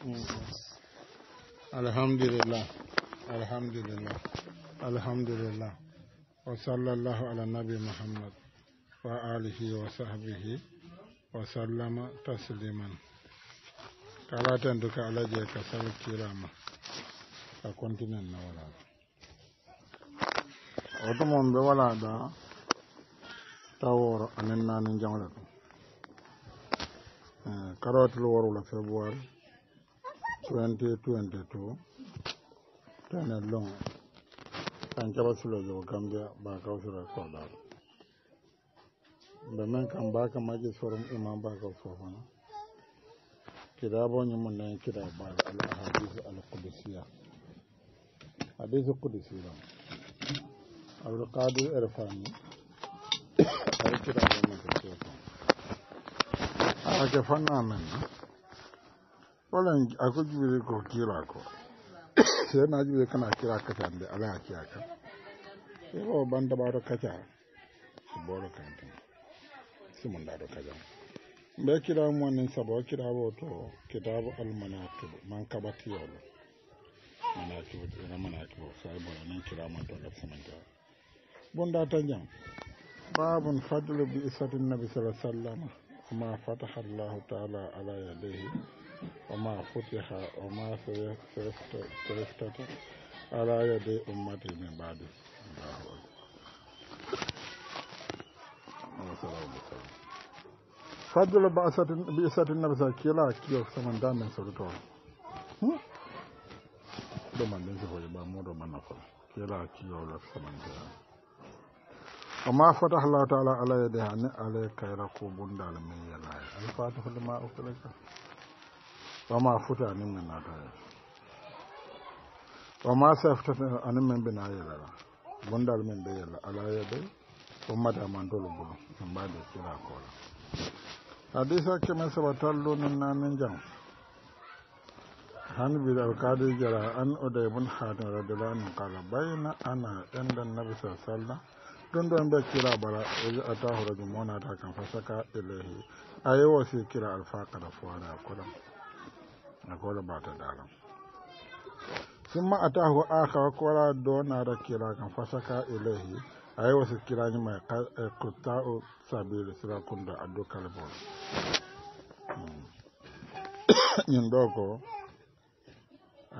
Mm. alhamdulillah alhamdulillah alhamdulillah wa sallallahu ala nabi muhammad wa alihi wa sahbihi wa sallama tasliman kalatan duka alaje ka sarkirama ka kontinen na wala oto mon ɓe wala taworo anen nanen jamla ɗum eh, karotol worula february 2022 tane long an jaba sulo jaba gambia ba kawsura kola be men kam ba ka maji sorum imam ba ka na kira fofana mun nan kira ba al ahadis al qudsiya hadis al lam abdulkadir erfani ay kitaabo mo ko fofana aka fanna men na wannan akwai jibirai ko kira ko sai na jibirai kana kira kaca da ala kiya ka sai ba ban da baro kaca su boro kanta su mun da kaca bai kira mu wannan sabo kira ba to kitabu almanatu man kabati yau manatu ina manatu sai ba nan kira man to lafsa man ta bunda ta jam babun fadlu bi isatin nabi sallallahu alaihi wasallam ma fataha allah ta'ala ala yadihi وma فتح وما تفتته على يد أمته من بعد fajjolo ba asatbi isati nabisa kila kiyo sama damen sorutoon domanden sifoye ba modo ba nafa kila kiyola samante oma fatah llahu taala ala yadeha ni ala kayra ko bundal min yalaye alfatihulima ukalaka wama afuta ani mmemme atɔyɛ wama asɛ afuta ani mmemme bi n'ayɛlɛ la bundal mmemme bi yɛlɛ alayɛ bi o mma de amanto lo bolo mba de kyerɛ akɔ la adisa kɛmɛ saba tali lo ne naani jam hani bi da kaadi jara ani o da ibun haani o da dala ani kala bayi na ana salla dundun bɛ kira bala o a ta horo jumɔn ta kan fasaka ilahi a yi wasu kira alfaka da fuwa na kudan. na kola ba ta dala sun ma a ta hu aka kola dona da kira kan fasaka ilahi a yi wasu kira ni mai eh, kuta sabili sirakun da addu kalibon hmm. yin doko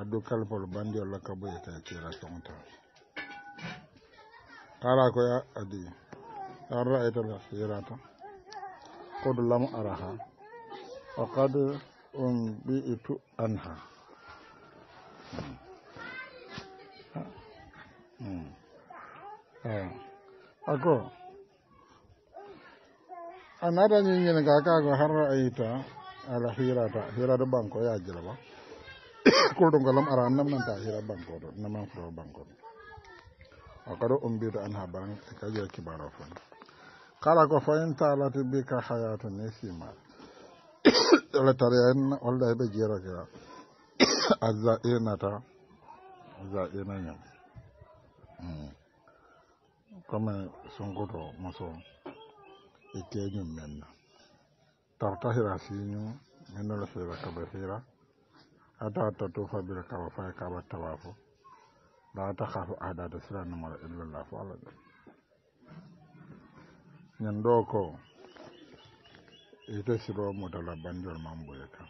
addu kalibon bandiyar lakabu ya ta kira tonta kara ko ya adi an ra'ayta da sirata qad lam araha wa qad itu anha. Hmm. Eh. aku. Anada kakak aku kaka go ala hira ta hira hirata banko ya jira ba. Ko don galam ara nan nan ta hira banko do nan man furo banko. Akaro umbitu anha baran ka je kibaro fon. Kala ko fa ta lati bika hayatun nisima. ɗala tarayen wallahi ɓe jera kira a zaɓe nata zaɓe na yau sun sunkoto muso ikeñum men na hmm. e tarta hira siñu minole fira kaɓe hira ata tatu fabira kaɓa faye kaɓa tawa fo ta kafu adata siranumara illallah fo allah ñan ɗo ko ite silo mutala banjol mamboye kan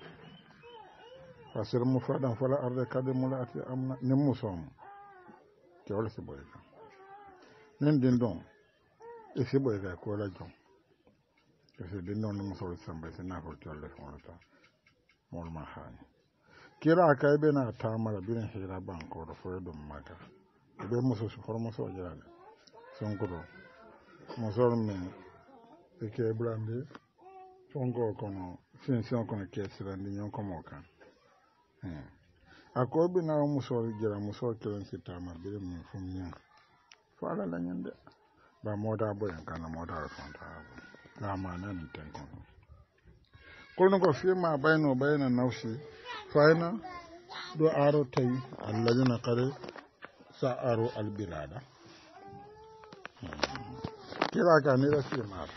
fasir mu faɗan fala arde kade mu lati amna nin musomu kewol siboye kan nin din don e ko ka kola jon se din ɗon ni musol samba ta nafol colle ma molma haani kira ka ɓe na tamara bin hira bankoɗo so ɗum maka ɓe muso hormuso jaaɓe sonkoto musol me ike blandi fonko kono sensiŋo kono ke sirandi ñon komo kan a ko eh. binawo musoo jira musoo kelen sittama biri mum fum ñiŋ fo ala lañin de ba moota boyen kana mootaro fontaa bo lamanani ten kono kono ko fima bayno bayna nafsi fayna ɗo aro tawi allahjina kare sa aro albilada hmm. kila ka nira fimara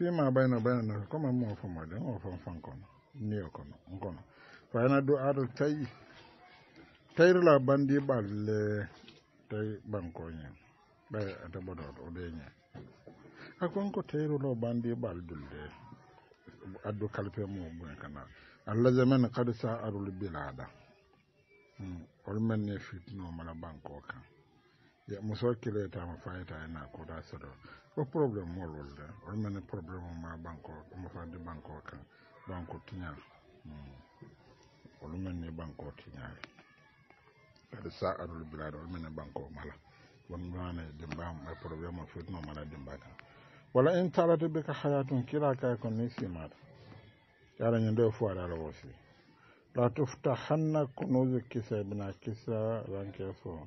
fima bayno baynana ko ma mo famode o fam fankono niyo kono kono fayna do aɗo tawi la bandi balle ɓalle tawi bankoñen ɓay ata ɓoɗoɗo o de deñen a ko konko tayrulo bandi ɓal dulde addu kalpe mo ɓuen kanal allah jamen kad sa arul bilada holmen hmm, ne fitnomala banko kan ye muso kile tama fayita ena kuda soro ko problème mo lolde on mene problème ma banko mo fandi banko kan banko tiñal hmm. on mene banko da da sa adul bilade on mene banko mala won mane dimba e problème o fitno mala dimba kan wala in talata bika hayatun kila kay ko ni simata yarañu nde fo aɗa ala wosi la tuftahanna kunuzu kisa bina kisa ranke so.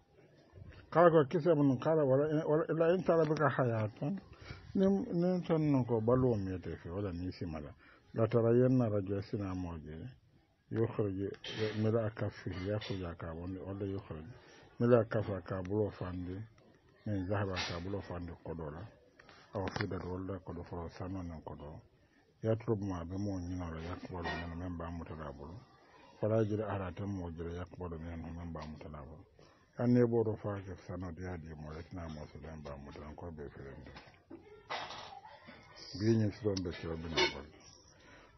kala ko kisa mun kala wala wala in tala bika hayatan nim nim tan no ko balu mi te wala ni si mala la tara yanna rajo sina moje yukhrij mila akafi wala mila akafa zahaba aw wala fo nan ma be mo ni mutala jira mo jira mutala anne ɓoɗo fake sanod yaadi mo retinama soudan bamoudo encore ɓe firende biñi soɗon ɓe cewbinagol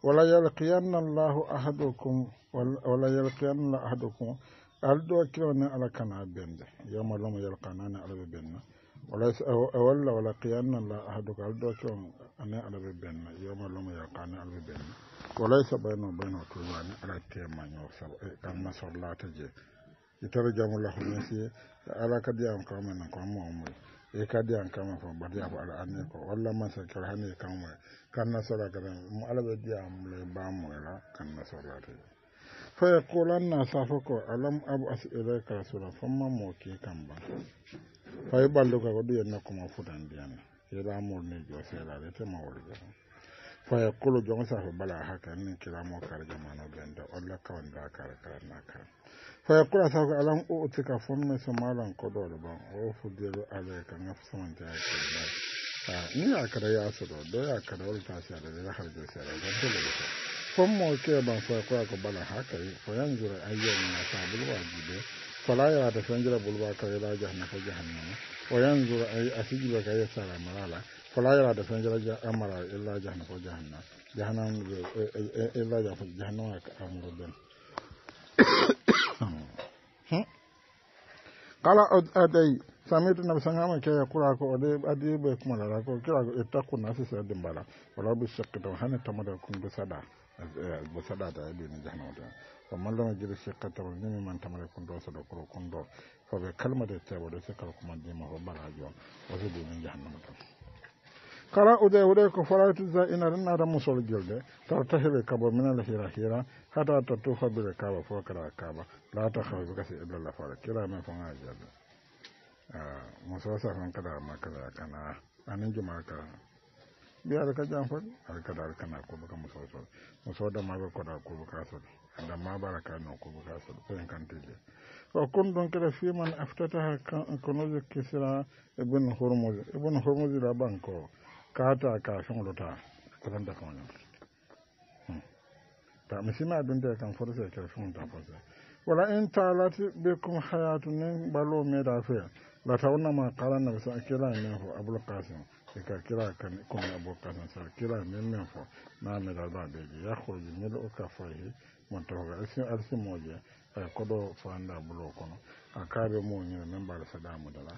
wala yalkiyanna llahu ahadukum wala yalkiyanna ahadukum alɗo kirone ala kana bende yamalomo yalkanani alaɓe benna walae walla wala kiyanna la ahaduka alɗo kiron ane alaɓe benna yamalomo yalkani alaɓe benna walaysa ɓayno ɓayno tuwani ala temaño sab eh, kamma sorlata je itara jamu la hon si ala kadi an kama na kama mu mu e kadi an kama fa bari ya ala ane ko wala man sa hani kan mu kan na sala kada mu ala be dia mu le ba mu la kan na sala te fa yaqulan na safa ko alam abu as ilayka rasula famma mo ke kan ba fa yi ballo ka ko duyen na kuma ila mu ne jo sala te ma wol ga faya kolo jongo bala haka nin kira mo kar jamano benda olla ka wanda ka kar na ka faya kula sa ko alam o tika fomne so malan ko do do ban o fudelo ale ka na fusan ta ke ba ah, ni ya kara ya so do do ya kara wal ta sa da har da sa da do do fom mo ke ban faya kula ko bala haka yan jura ayyan na sa bulwa gibe fala ya da bulu ba ka ya jahannama yan wayan jura ay ba ka ya sara malala fala da san jara ja amara illa e jahannam ko jahanna, jahannam illa e, e, ja ko jahannam ka amro ben hmm? kala adai samitu na sangama ke ya kura ko ade ade bai kuma lara ko kira ko ittaku na fi din bala wala bi shakka da ta mada kun bi sada bi sada da ya ni jahannam da amma lam jira shakka ta ni man ta mada kun do sada ko kun do fa be kalma da ta wala sai kal kuma de ma bala jo wasu bi ni jahannam da kala ude ude ko faratuza ina na da musol gilde tarta hebe kabo minal hira hira hata ta tatufa bile kaba fo kala kaba la ta khawi kasi illa la fara kila men fanga jalda ah, musa sa fan kada makala kana anin juma ka biya da ka jam fon al ka dal kana ko baka musa so musa da ma ko da ko baka so da ma baraka no ko baka so pen kan tije wa kun don kada fi man aftataha kan kunuzu kisra ibn hurmuz ibn hurmuz la kata ka fɛngolo ta kuran da ta ba ma abin da kan forse ke fɛngolo ta forse wala in ta bai kuma hayatun nin balo me da fe la tawna ma qala na sa kira ne ho abul qasim ka kira kan kun abul qasim sa kira ne ne ho na me da da be ya khuruj min al a mutawga asin arsi moje ko do fanda bulo kono akabe mo nyi men mu sadamu la.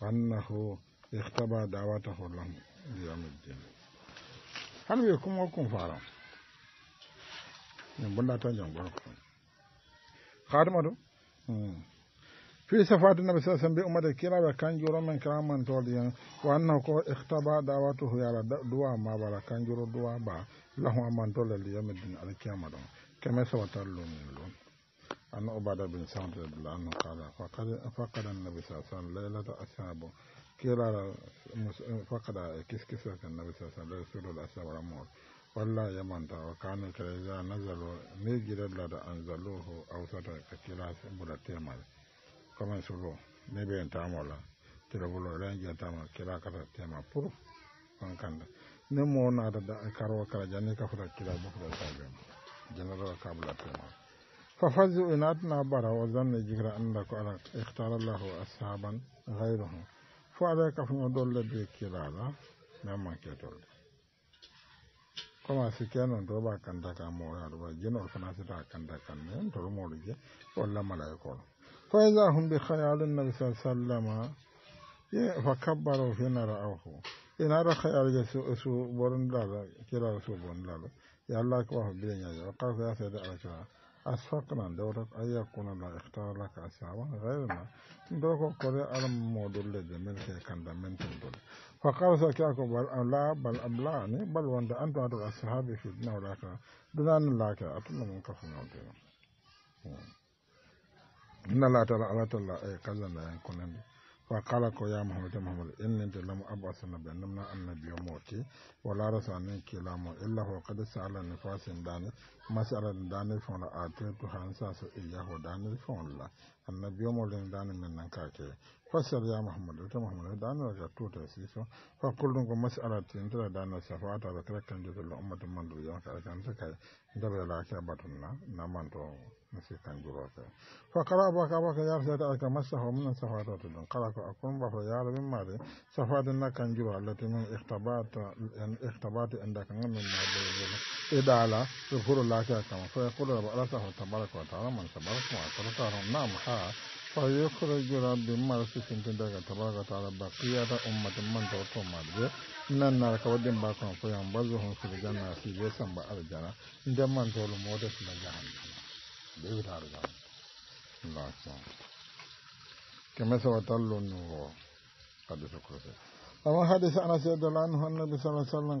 annahu ihtaba dawatahu lam yamiddin har wi kuma hukun fara min bunda ta jangoro ko khadima do fi safati nabi sa sambe umata kira ba kan juro men kira man to diyan wa annahu ko ihtaba dawatuhu ya duwa ma bara kan duwa ba lahu man to le yamiddin al kame أن عبادة بن سعد رضي الله عنه قال فقد فقد النبي صلى الله عليه وسلم ليلة أصحابه كلا فقد كس كس النبي صلى الله عليه وسلم رسول الأصحاب والأمور ولا يمنت وكان كلا نزلوا نجد لدى أنزلوه أو سد كلا بلا تيمال كما سلو نبين تامولا تلبولو رنجي تامولا كلا كتا تيمال برو فانكاندا نمو نادا كارو كلا جاني كفر كلا بكرة سابين جنرال كابلا تيمال fafazu inatna bara wa zanna jigra anda ko ala ikhtara llahu ashaban gayrahum fo ala kafuño dolle be kilala memma ketolde koma sikke noon to ɓa kanta ka moyaɗo ɓa jenol fana sita kanta kan men toro moɗo je walla malaykol fa ida hum bi hayalu nabi sa sallama fa kabbaro fina ra'awhu inara hayalje su borndala kilala su borndala yo allah ko wafo bileñaje o qal ala as fakkanan dawta ayya kuna la ikhtar la ka asawa ghayna ndoko kore alam modul le de melke kanda mentum dole fa qarsa ka ko bal ala bal abla ne bal wanda anta to ashabi fi nawraka dunan la ka atun mun ka funa de inna la ta ala ta la ay kallan la kunan fa kala ko ya muhammadu muhammadu in ne da lamu abbasu na bai namna annabi ya mawaki wa larasa ne illa ho kada sa'ala nifasin dani masala dani fa la atatu hansa su iya dani fa la annabi ya mawaki dani min nan kake fassar ya muhammadu ta muhammadu dani wa ga tuta si fa kullum ko masala tin tara dani safa ta da krakkan da ummatin man duniya ka kan ta kai da la ka batun na na nasitan gurota fa kala baka baka yar sa da aka masa ho mun safa da dun kala ko akon ba fa yar bin mare safa da na kan juro Allah tin ihtabata an ihtabata inda kan nan na da idala tufuru laka kama fa yaqulu rabb Allah safa tabaraka wa ta'ala man sabaraka wa ta'ala nam ha فيخرج رب مرسي سنتين دقا تبارك وتعالى بقية أمة من توتو مدبي nan na ka wadin ba kan koyan bazuhun su da janna su je san ba arjana inda man tolu modas na jahannam kima saba ta luwai ake tukutu dawa ake yi kuma dawa ake yi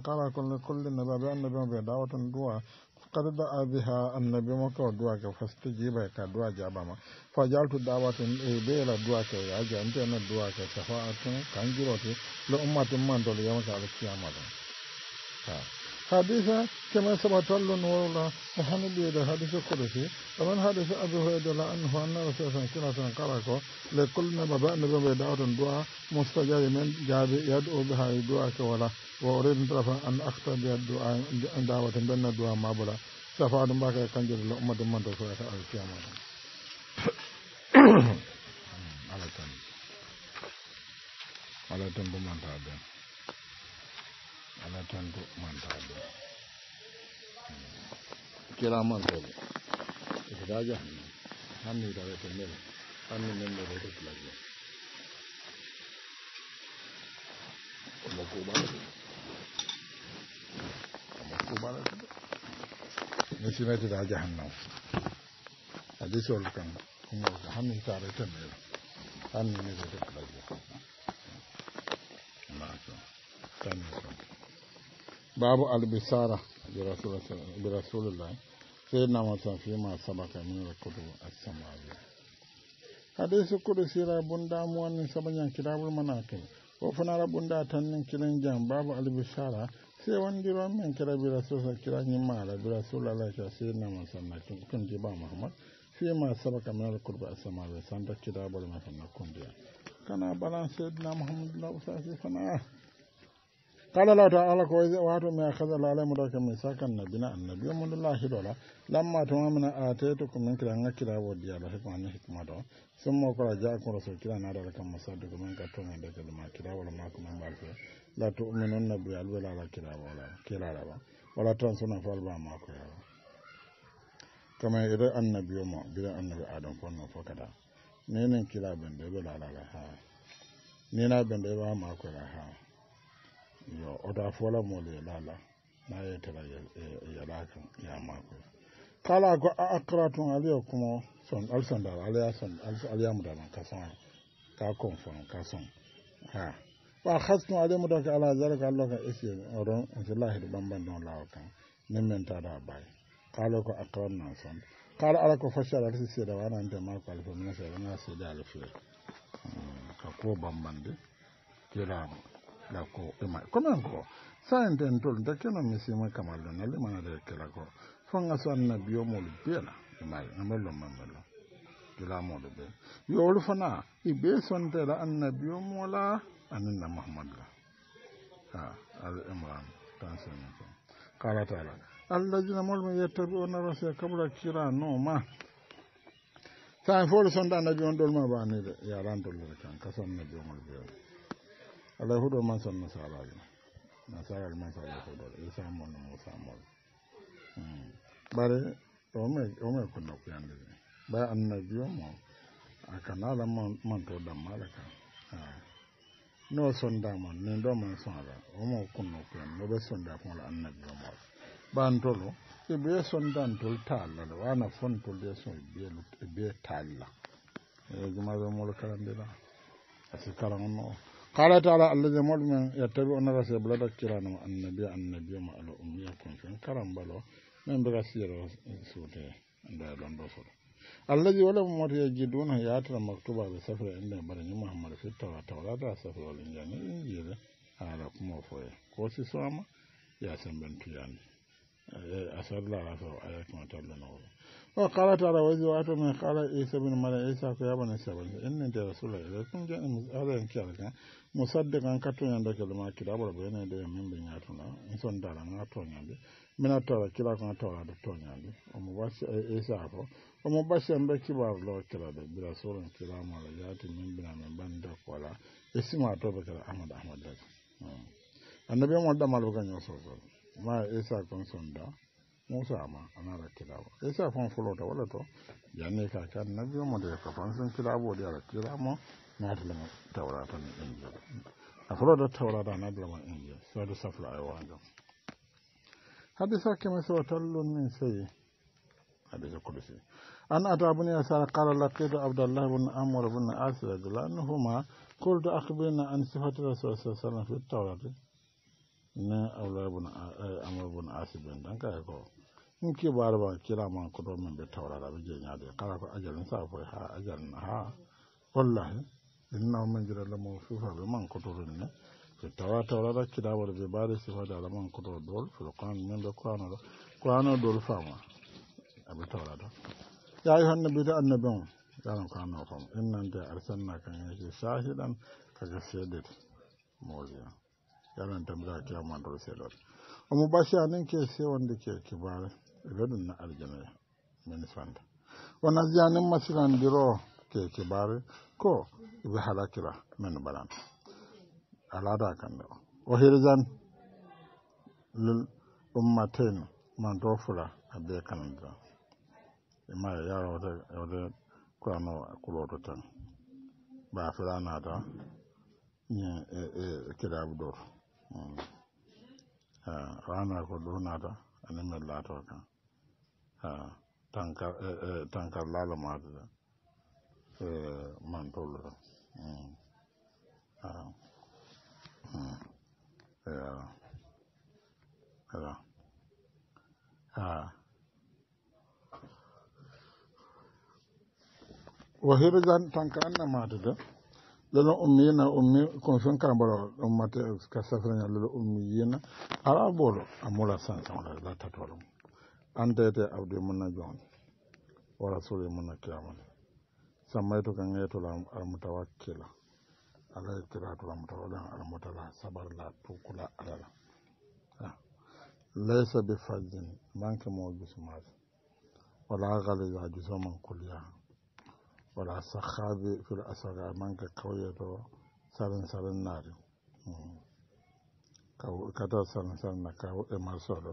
kuma dawa ake yi kuma dawa ake yi kuma dawa ake yi kuma dawa ake yi kuma dawa ake yi kuma dawa ake yi kuma dawa ake yi kuma dawa ake yi kuma dawa ake yi kuma dawa ake yi kuma dawa ake yi kuma dawa ake yi kuma dawa ake yi kuma dawa ake yi kuma dawa ake yi kuma dawa ake yi kuma dawa ake yi kuma dawa ake yi حديث كما ثبت لنا وحن بيد حديث قدسي ومن حديث أبي هريرة لأنه أن رسول الله صلى الله عليه وسلم لكل نبأ نبأ دعوة دعاء مستجاب من جاب يدعو بها الدعاء كولا وأريد طرفا أن أخطر بالدعاء دعوة بين الدعاء ما بلا شفاعة باكر كنجر لأمة من تسوية القيامة على تنبو على تنبو من تابعين ala tanto mantaɓe kira mantoɓe ikotaji hanni hanni tawete mele hanni men meɗeto plaje omo kuɓaɗe omo kuɓaɗe mi simetita jahannam hadisol kan umorka hanni tarete mele hanni meɗeto plaje mato tanni kon babu albisara bi rasulullah sai na mata fi ma sabaka min kudu as-samawi hadisi kudu sira bunda mu wannan sabanyan kitabul manakil ko fana rabun da tannin kiran jam babu albisara sai wani ruwan min kira bi rasulullah kira ni ma bi rasulullah ka sai na masallakin kun ji ba muhammad fi ma sabaka min kudu as-samawi san da kitabul manakil kun kana balan na muhammad na usasi fana قال الله تعالى كويس واتو ما أخذ الله عليه مدرك ميثاقا نبينا النبي من الله دولا لما تمامنا آتيتكم من كلا نكلا وديا لحكم عن حكمة ثم قال جاءكم رسول كلا نادى لكم مصادق من كتوم عندك لما كلا ولا ما كم بالفه لا تؤمنون على ولا لا كلا ولا كلا ولا ولا تنسون فالبا ما كلا كما يرى النبي ما بلا النبي آدم فنو فكذا نين كلا بندبلا لا ها نينا بندبلا ما كلا ها yo oto a fola moolu ye lala na ye tara yala kan yamakoy kala ko a akratun ali yo kumo son ali sandara ali ya son ali ya mudana ka son ka konfon ka son ha wa khasnu ali mudaka ala zalika allah ka isi oron asilahi da bamban don lawo kan nin men ta da bai kala ko akranna son kala ala ko fashara ta sai da wannan da mako alfa mun sai da na sai da alfa hmm, ka ko bamban de kira la ko ima comme ko sayinten tol da keno misima kamallo na na limanade kela ko na mo fonga sanna biyomolu biyela imayi nambello mambello kilamoɗo ɓe yo olu fana i ɓe sontela annabiyo mola aninna mahamad la ha al imran na ko na taala allahina molmo yettabi ona rasiya kabla kira noma sa fo olu sonda annabi on ɗolma banide yaran dollere kan kasam nabi omol biyela alay huɗo man son nasarajo nasaral man sa alay huɗo isa mon musa mol ɓare ome ba an na biyo mo a kanala to da malaka n'o sondama nin do man sonra omo kunnokuyan no ɓe sonda ba annabiyo mol ɓantolo e ɓe sondantol tallala wana fontol de so ta talla e jumaɓe mol karandira asi no قال تعالى الذي مؤمن يتبعون الرسول بلا كيران النبي النبي مع الأمي يكون في كرم بلو من بغسير سوته عند الأنبصر الذي ولا مر يجدون ياتر مكتوبة بسفر عند برني محمد في التوراة التوراة سفر والإنجيل إنجيل على كم فوي كوسي سوما يا سنبنتيان أسأل الله عز وجل أن يكون تبلنا وقال ترى وزوات من قال عيسى بن مريم عيسى يا بني سبن ان انت رسول الله لكن جاء هذا ان كان مصدقا كتون عندك لما كتاب ربنا ده من بيناتنا انسان دارا ناتون يعني من اتورا كلا كان تورا ده تون يعني ومباش عيسى افو ومباش ان بك بار لو كلا ده برسول كلا مولا ياتي من بنا من بند ولا اسمع توبك احمد احمد لك النبي محمد ما لو كان يوصل ما عيسى كان سنده موسى انا را كلاو ايسا فون فلوتا ولا تو يعني كا كان نبي ما دي كفان سن كلاو ودي على كلاو ما نادل ما توراتا انجيل افلوتا توراتا نادل ما انجيل سو دو سفلا اي واندو هادي ساك ما سو تلون من سي هادي سو كل انا اتابني يا سار قال لقد عبد الله بن عمرو بن عاص لانهما قلت اخبرنا عن صفات الرسول صلى الله عليه وسلم في التوراه نا أولى بن آه، عمرو بن عاص بن دانكا يقول in ke ba kira ma ko min be tawrara be jenya de kala ko ajalin sa ko ha ajalin ha wallahi inna jira la mo man ne so tawa tawrara sifa da man ko dol fil min be qano do dol ya da annabin yaran kwano kan innan da arsalna kan shahidan tambaya kiyama amma ba shi anan ke sai wanda ke kibar na ɗum no aljana da wani wona janin masilandiro ke bari ko ɓe halakira min balan alada kande o o hirjan lil ummatain man to fula a be kanandira ima yarode yode kurano kuloto tan ba filanata ñin e, e, kirabu ɗoto hmm. rana ko ɗo nata anemen lato kan tankar lalamata da mantolura wahirgan tanka na mata da lolo ummi yana ummi kon fen kambaro ɗon mate ka safrana lolo ummi yana ara bolo a mula sansan la tatolum andete abde muna jon wa rasuli muna kiyaman sammaytu kan ngaytula almutawakkila alay kiratula mutawalan almutala sabarla tukula alala laysa bi fajjin manke mo jusumaade wala galiga jusoman kulya wala sahabi fil asaga manke kawyeto saren saren naari hmm. kata saren saren na kaw e masoɗo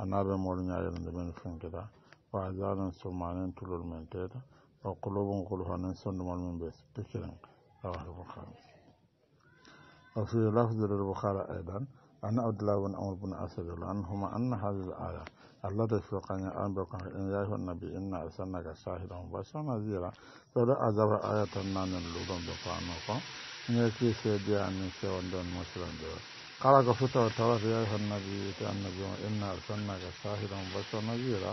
annabin mawarin yare da benefin gida ba a zanen sumanin tulur mai teta da kulubun kulhannin son da malamin bai su tukirin a wasu bukhari a su yi lafizar bukhari a idan an abdullahi bin amur bin asabila an huma an na hajji da aya allah da su kan yi an kan haɗin yafi nabi inna a sanna ga sahidan ba sa na zira sau da azabar ayatan nanin lulun da kwanakon in yake sai biya ne sai wanda wani masu rantarwa قال قصت وترك في أيها النبي النبي إنا أرسلناك شاهدا وبشرا نذيرا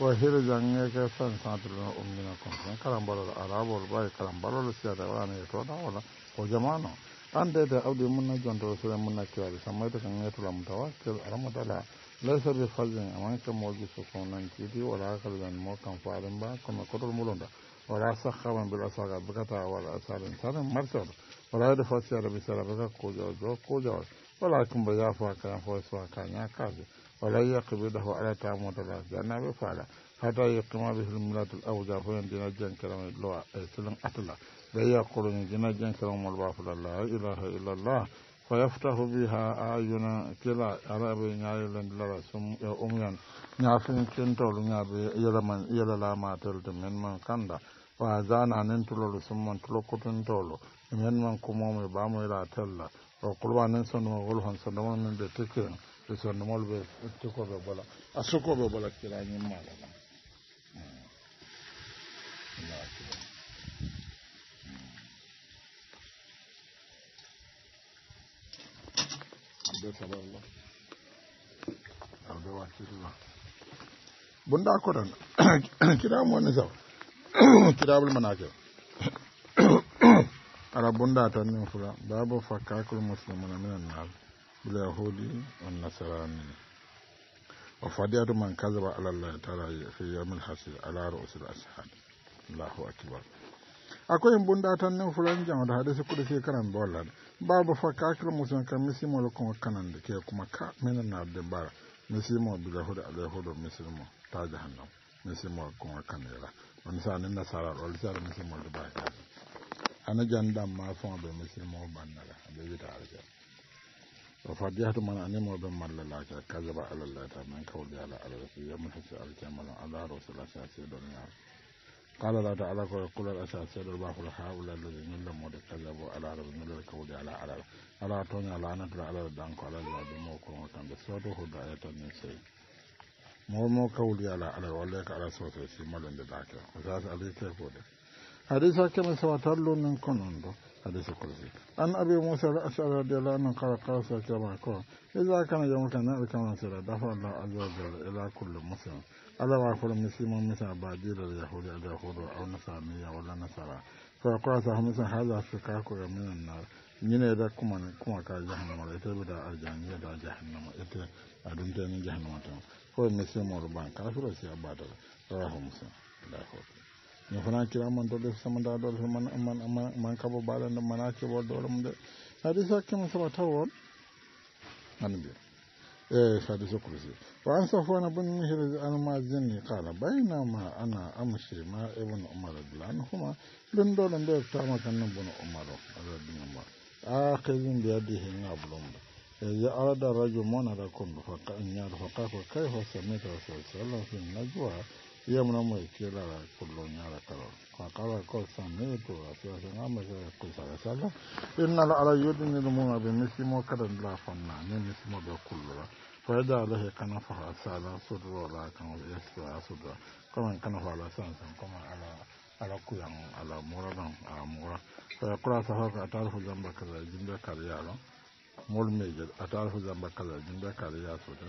وهر جنگك سن ساتل أمنا كنتم كلام بلو العرب والباي كلام بلو السيادة وانا يتوضع ولا وجمعنا أن ديدا أودي منا جنت رسول منا كيوالي سميتك أن يتولا متوكل على مدلع ليس بفضل أمانك موجي سكونا كيدي ولا أكل جن موكا فعلم با كما كتر ملوندا ولا سخوا بالأساقات بكتا ولا أسال إنسان مرسل ولا يدفع سيارة بسيارة بكتا كوجا وجو كوجا وجو wala kumbe yafa kan fo so kan ya kabe wala yaqbidahu ala ta'amud la janna be fala hada yaqma bihi al-mulad al-awja fo dina jan karam lo tilan e, atla da yaqulu dina jan karam mal ba fala la ilaha illa allah fa yaftahu biha ayuna kila arabi lan sum e, umyan ma de men man kanda wa zana nen tulolu sum man o kulba nen sonno gol han sonno men be teke be sonno mol be teko be bala asuko be bala kila ni mala be saballa abe wa kirwa bunda ko dan kira mo ne saw kirabul manakir rabun bunda tan nin fula babu fakakul muslimuna minan annar bil yahudi wan nasarani wa fadiyatu man kazaba ala allah ta'ala fi yawm hasir ala ru'usil ashab allahu akbar akwai bunda tan nin fula jama'a da hadisi kudu sai karan bolan babu fakakul musulman kan misimo ko kanan da ke kuma ka minan annar da bara misimo bil yahudi ala yahudi misimo ta jahannam misimo kuma kanera wani sanin nasara wal sanin misimo da ba ana jandan ma fon be muslimo bannala be wita arja wa fadiyatu man animo be mallala ka kazaba ala allah ta man kawli ala ala rasul ya muhasi al kamal ala rasul asasi dunya قال الله تعالى قل الأساس الله هؤلاء الذين لم كذبوا على ربهم الكود على على على توني على أنا على الدانك على الواد موكم وكان بسوته هدى آية النسي مو مو كولي على على وليك على صوت السيمال عند ذاك وساس عليك كيف وليك hadisa keme sabatar lunin konondo hadisa kursi an abi musa al-ash'ari radiyallahu anhu qala qala sallama ko idza kana yawmuka na kama sira dafa Allah azza wa jalla ila kulli muslim ala wa kulli muslimin misa badil al-yahudi al-yahudi aw nasaniya wala nasara fa qala sahmisa hadha fikaku min an-nar da kuma kuma ka jahannama la ita bi da aljaniya da jahannama ita adun ta ni jahannama tan ko muslimu ruban kafiru sai abada rahu musa da ko min fana man dole da dole man man man man kabo balan mana ke bol dole mun de hadi sakke mun saba an bi eh hadi so kurzi wa an safwana bin mihir an ma zinni qala ma ana amshi ma ibn umar radhiyallahu anhu bin dole da ta ma kan nan bin umar radhiyallahu anhu آخذ بيده نابلون إذا أراد الرجل منع لكم ya fa سميت رسول الله صلى sallallahu alaihi وسلم في النجوى yamuna mo izquierda la colonia la calor con cada cosa me tu asociación a más de cosa de sala en la ala yudin ni bi be misimo kadan la fanna ne misimo be su rola, como kana fa sala sudro la kan yasra sudro kuma kana a la san la kuma ala ala kuyan ala muradan ala mura fa kura sa haka tarfu zamba kaza jinda kariya no mol meje atarfu zamba kaza jinda kariya sudro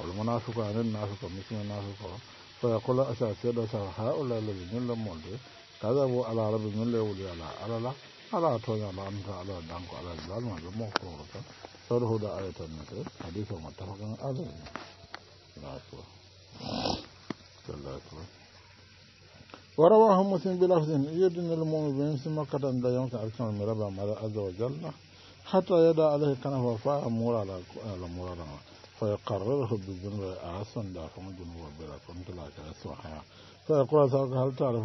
والمنافق عن النافق مثل النافق فيقول أساسيا هؤلاء الذين لم يولدوا كذبوا على رب من لا يولي على على لا على تونا على أنت على دانك على الزلمة ما كورتا صره دا آية النت حديث متفق عليه لا أكبر لا أكبر ورواه مسلم بلفظ يدن المؤمن بمسلم مكة لا يمكن أركان المربع مع عز وجل حتى يدع عليه كنفه فاعل مورا على مورا فيقرره بالذنوب أعصا دافع هو بلا فهمت لا كرسوحا فيقول سألك هل تعرف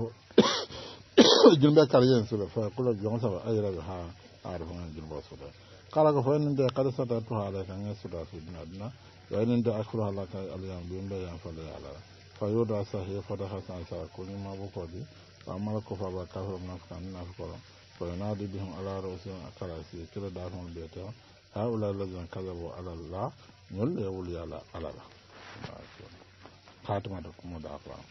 جنب كريين سبب فيقول جنب سبب أي بها أعرف من جنب سبب قال فإن أنت قد سدرتها عليك أن يسدر في ابن أدنى وإن أنت أشكرها لك اليوم بين بيان فلا يعلم فيودع صحيح فتح حسن كل ما بقضي فأما الكفر والكافر من أفكار فينادي بهم على رؤوسهم أكراسي كلا دارهم البيت هؤلاء الذين كذبوا على الله ñollu e wuli ala alala katumade kumuda akram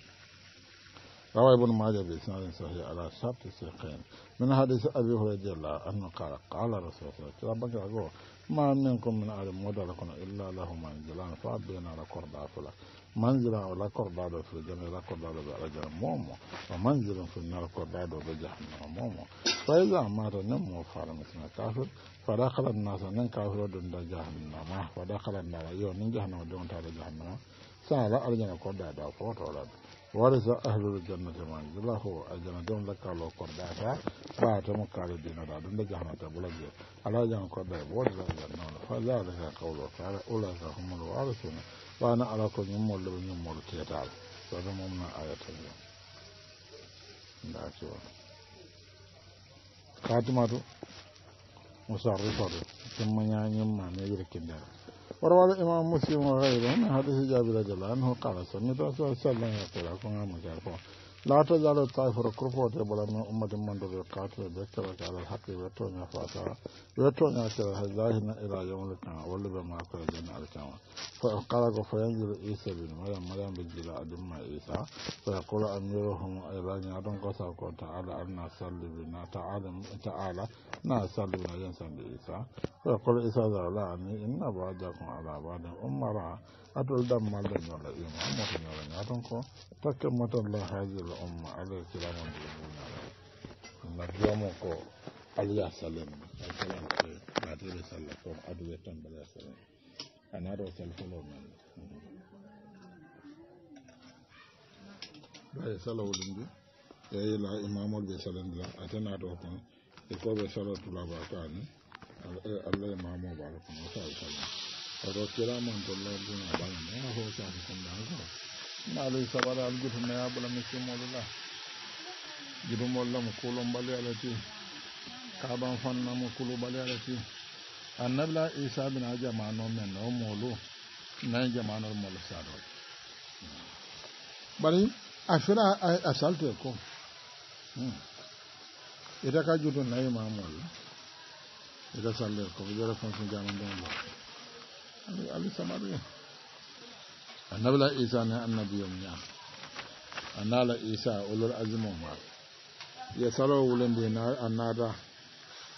روى ابن ماجه بإسناد صحيح على شرط السيقين من حديث أبي هريرة الله أنه قال قال رسول الله صلى الله عليه وسلم ما منكم من أهل مدركنا إلا له منزلان فأبينا لقربا فلا منزلا ولا قربا في الجنة لا قربا في الجنة مومو ومنزل في النار قربا في جهنم مومو sai za ma da nan mu fara mutuna kafir fa da kalan nasa nan kafir don da jahannama fa da kalan na rayuwa nan jahannama don ta da jahannama sa la aljana ko da da ko to rad warza ahlul janna jama'a billahu aljana don la kalo ko da ta ba ta mu kare din da don da jahannama ta bulaje ala jana ko da warza aljana fa la da ka kawo ta ala ulah ka humul warisun na ala ko nyum mollo nyum mollo ta da da mun na ayatul da ce wa katumatu musarrifatu ثم يعين معنى يركن وروى الإمام مسلم وغيره من حديث جابر رضي الله عنه قال سمعت رسول الله صلى الله عليه وسلم يقول لكم lata zara tsafir kurfa ta bula min umarin man dubu ka ta da ta baka da haƙi ya tonya fata ya tonya ta da zahi na ila yau da kan wani da mako da jini alkama fa in kala ga fayan da isa bin mayan mayan bin jira a dun isa fa kula an yi rohun a ya don kasa ko ta ala an na salli na ta ala ta na salli na yin salli isa fa ya kula isa da ala an yi in ba da kun ala ba da umara a tulu da malam yau da iya da ya don ko ta kan mutum le on ma alo kilamo de ko aliya salam salam ke ko bala salam anaro man bay e la be salam la atana do e ko be alla ba ko ba ho sa ko ko naalu sabara al gutume ya bula misimolu la jibumol la mu kulun bali ala ti kaban fanna mu kulu bali ala ti annabila isa bina jamano men o molu nan jamano molu sado bari a fira a salte ko ita ka judu na yi mamolu ita salle ko bi jara fonsun jaman don lo ali samariya annabla isa ne annabi yom nya annala isa olor azimo ma ya saro wulen de na annada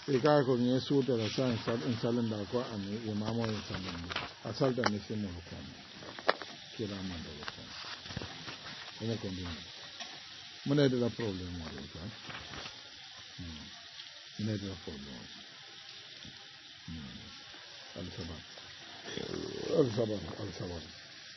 e ka ko nye su de la san sab in salin da ko an imamo yin salin asal da ne sin mo ko kira man da ko ne ko din mo ne da problem mo ko ne da problem mo hmm. al sabab al sabab al sabab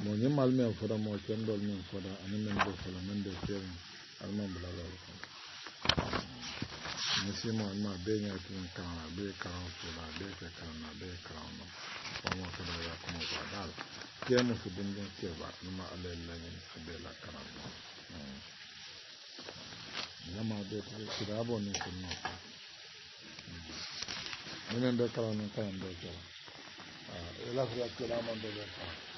mo ñimmal me fo mo ken dol kendol men da ani men do fola men de la ko bulalal si mo ma be ñatin kana be ka karan la be ka ka na be ka no mo da ya ko mo ba dal ke mo musu dindin ke ba alay ma ale la karanno ñama hmm. be kirabo ni sunno minen hmm. be karanin kayan be kela ilafiya ah, e la be de karan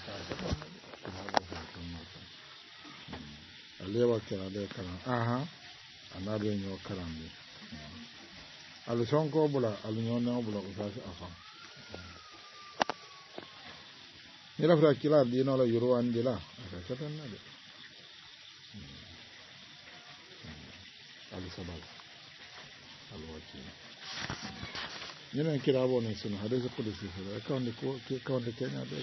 alewa kera de karan aha ana do nyo karan de alu ko bula alu nyo bula usasi afa ni fra kila di no la an la aka satan na de alu sabal alu wakil ni kira bo ne sun hadisi kudusi kawande kawande kenya de